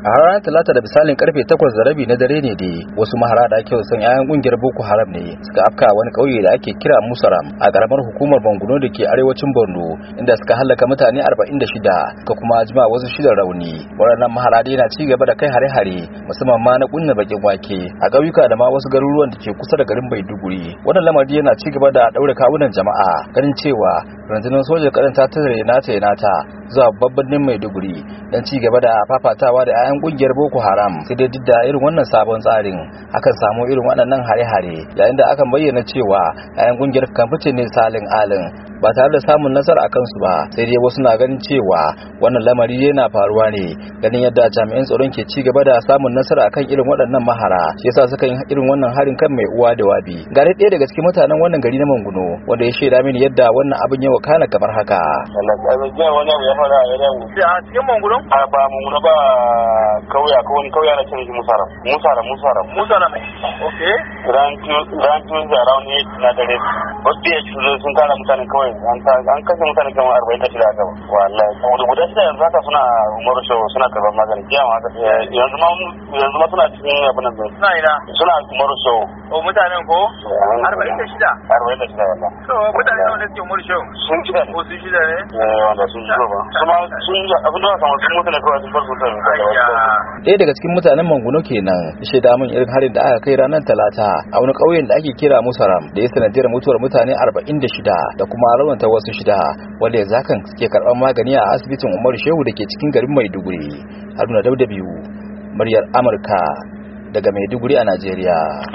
a ranar talata da misalin karfe 8 da rabi na dare ne de wasu mahara da ake wasan yayan kungiyar boko haram ne suka afka wani kauye da ake kira musaram a karamar hukumar banguno da ke arewacin borno inda suka halaka mutane 46 ka kuma jima wasu shida rauni waɗannan mahara dai na ci gaba da kai hare-hare musamman ma na kunna bakin wake a ƙauyuka da ma wasu garuruwan da ke kusa da garin maiduguri wannan lamari yana ci gaba da ɗaure kawunan jama'a ganin cewa rundunar sojan karanta ta nata nata zuwa babban birnin maiduguri don ci gaba da fafatawa da 'yan kungiyar boko haram sai dai duk irin wannan sabon tsarin akan samu irin waɗannan hare-hare yayin da akan bayyana cewa 'yan kungiyar kan ne salin alin ba tare da samun nasara a kansu ba sai dai wasu na ganin cewa wannan lamari yana faruwa ne ganin yadda jami'an tsaron ke ci gaba da samun nasara akan irin waɗannan mahara shi yasa suka yi irin wannan harin kan mai uwa da wabi ga ɗaya daga cikin mutanen wannan gari na Manguno wanda ya shaida mini yadda wannan abin ya wakana kamar haka a cikin Manguno a Manguno ba na Musara Musara Musara Musara around 8 na wasu da sun zo sun kara mutane kawai an kashe mutane kamar arba'in da shida haka wallahi saboda guda shida yanzu haka suna umaru show suna karɓar magani kiyama haka eh, yanzu ma suna cikin abin nan suna ina suna umaru o mutanen ko arba'in da shida arba'in da shida wala to mutane nawa ne suke murshe sun shida ne ko oh, sun shida ne eh wanda sun shida ba kuma sun yi abin da ba kamar sun mutane kawai sun bar su sun ɗaya daga cikin mutanen manguno kenan ishe damun irin harin da aka kai ranar talata a wani ƙauyen da ake kira musaram da ya sanadiyar mutuwar mutane arba'in da shida da kuma raunata wasu shida wanda yanzu hakan suke karɓar magani a asibitin umaru shehu da ke cikin garin maiduguri haruna dauda biyu muryar amurka daga maiduguri a najeriya